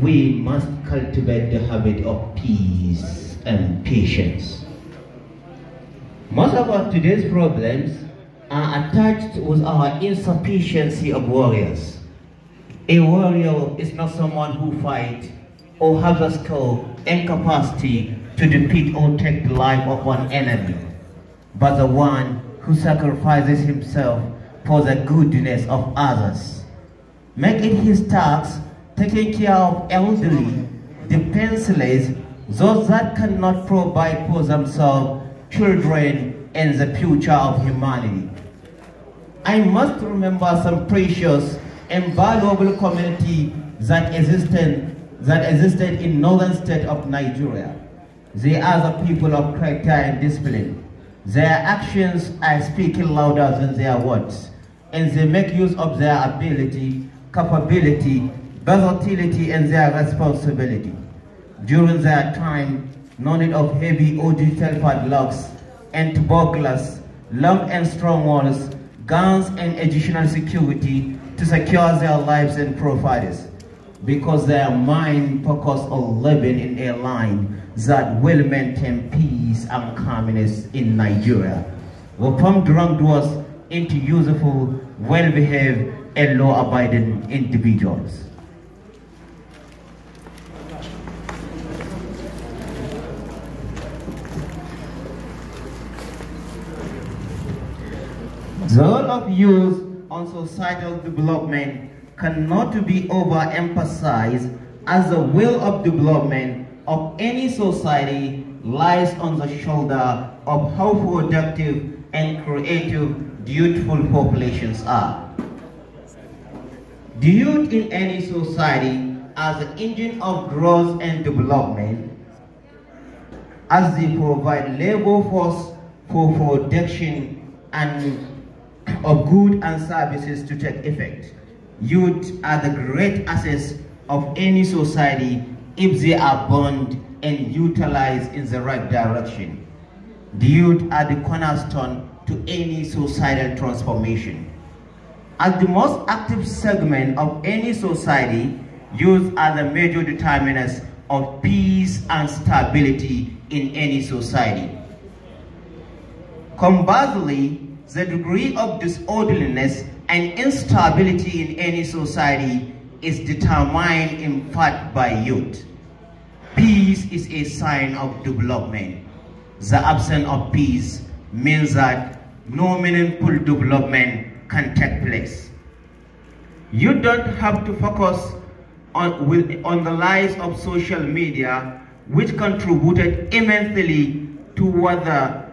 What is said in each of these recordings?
we must cultivate the habit of peace and patience. Most of our today's problems are attached with our insufficiency of warriors. A warrior is not someone who fights or has a skill and capacity to defeat or take the life of an enemy, but the one who sacrifices himself for the goodness of others. Make it his task taking care of elderly, defenseless, mm. those that cannot provide for themselves, children, and the future of humanity. I must remember some precious and valuable community that existed, that existed in northern state of Nigeria. They are the people of character and discipline. Their actions are speaking louder than their words, and they make use of their ability, capability, versatility and their responsibility. During their time, no need of heavy or digital padlocks and burglars, long and strong walls, guns and additional security to secure their lives and properties because their mind focused on living in a line that will maintain peace and calmness in Nigeria. We form wrongdoers into useful, well-behaved and law-abiding individuals. The role of youth on societal development cannot be overemphasized as the will of development of any society lies on the shoulder of how productive and creative youthful populations are. The youth in any society as the engine of growth and development, as they provide labor force for production and of goods and services to take effect. Youth are the great assets of any society if they are bonded and utilized in the right direction. The youth are the cornerstone to any societal transformation. As the most active segment of any society, youth are the major determinants of peace and stability in any society. Conversely, the degree of disorderliness and instability in any society is determined in part by youth. Peace is a sign of development. The absence of peace means that no meaningful development can take place. You don't have to focus on, with, on the lies of social media which contributed immensely to whether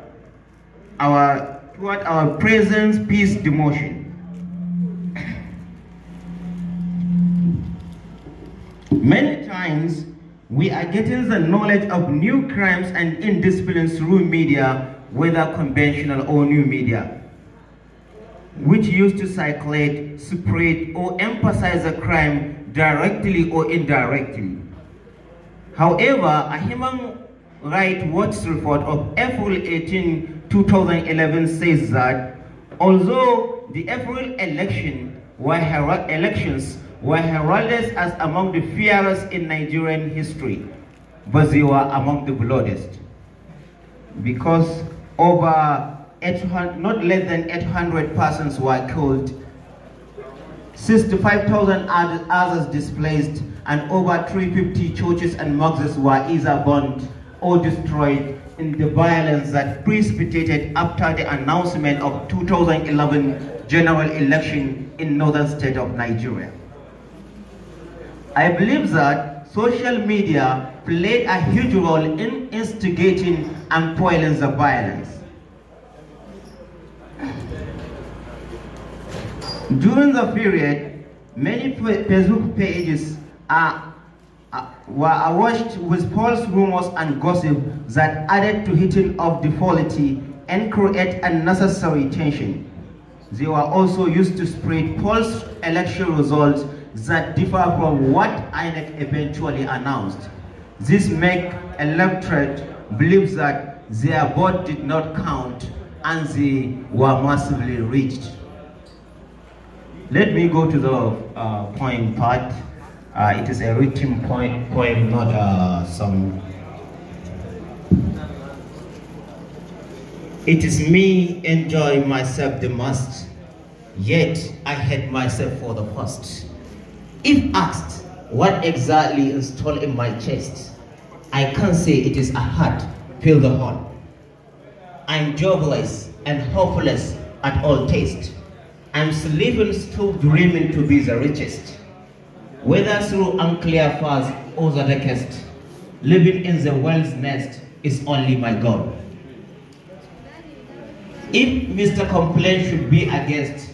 our what our presence peace demotion. Many times we are getting the knowledge of new crimes and indisciplines through media, whether conventional or new media, which used to circulate, spread, or emphasize a crime directly or indirectly. However, a human right watch report of April 18, 2011 says that although the April election were elections were heralded as among the fiercest in Nigerian history, but they were among the bloodiest because over 800, not less than 800 persons were killed, 65,000 others displaced, and over 350 churches and mosques were either burned or destroyed in the violence that precipitated after the announcement of 2011 general election in northern state of Nigeria. I believe that social media played a huge role in instigating and fueling the violence. During the period, many Facebook pages are were awash with false rumors and gossip that added to heating of the polity and create unnecessary tension. They were also used to spread false election results that differ from what INEC eventually announced. This make electorate believe that their vote did not count and they were massively reached. Let me go to the uh, point part. Uh, it is a written poem, poem not uh, some. It is me enjoying myself the most, yet I hate myself for the first. If asked what exactly is torn in my chest, I can't say it is a heart, filled the horn. I'm jobless and hopeless at all taste. I'm sleeping, still dreaming to be the richest whether through unclear paths or the darkest, living in the world's nest is only my God. If Mr. Complaint should be a guest,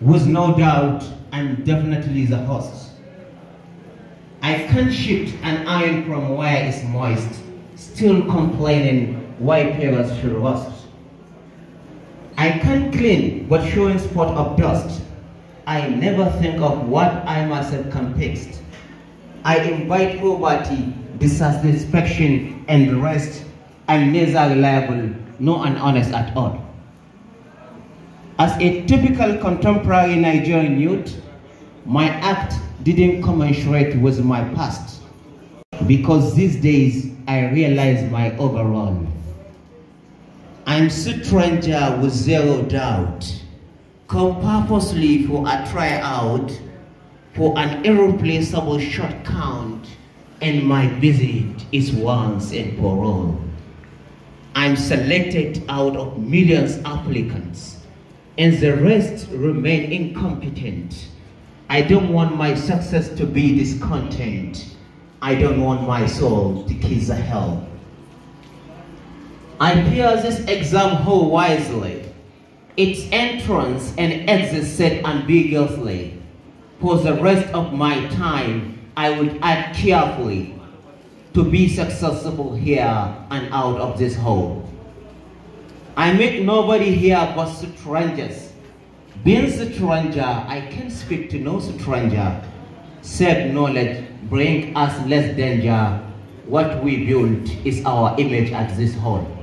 with no doubt and definitely the host, I can not shift an iron from where it's moist, still complaining why pavers should rust. I can not clean but showing spot of dust, I never think of what I myself can taste. I invite poverty, dissatisfaction, and rest, and neither reliable nor honest at all. As a typical contemporary Nigerian youth, my act didn't commensurate with my past because these days I realize my overall. I'm stranger with zero doubt come purposely for a tryout for an irreplaceable short count and my visit is once and for all. I'm selected out of millions applicants and the rest remain incompetent. I don't want my success to be discontent. I don't want my soul to kiss the hell. I hear this exam hole wisely its entrance and exit ambiguously. For the rest of my time, I would act carefully to be successful here and out of this hole. I meet nobody here but strangers. Being stranger, I can speak to no stranger. Save knowledge, bring us less danger. What we build is our image at this hole.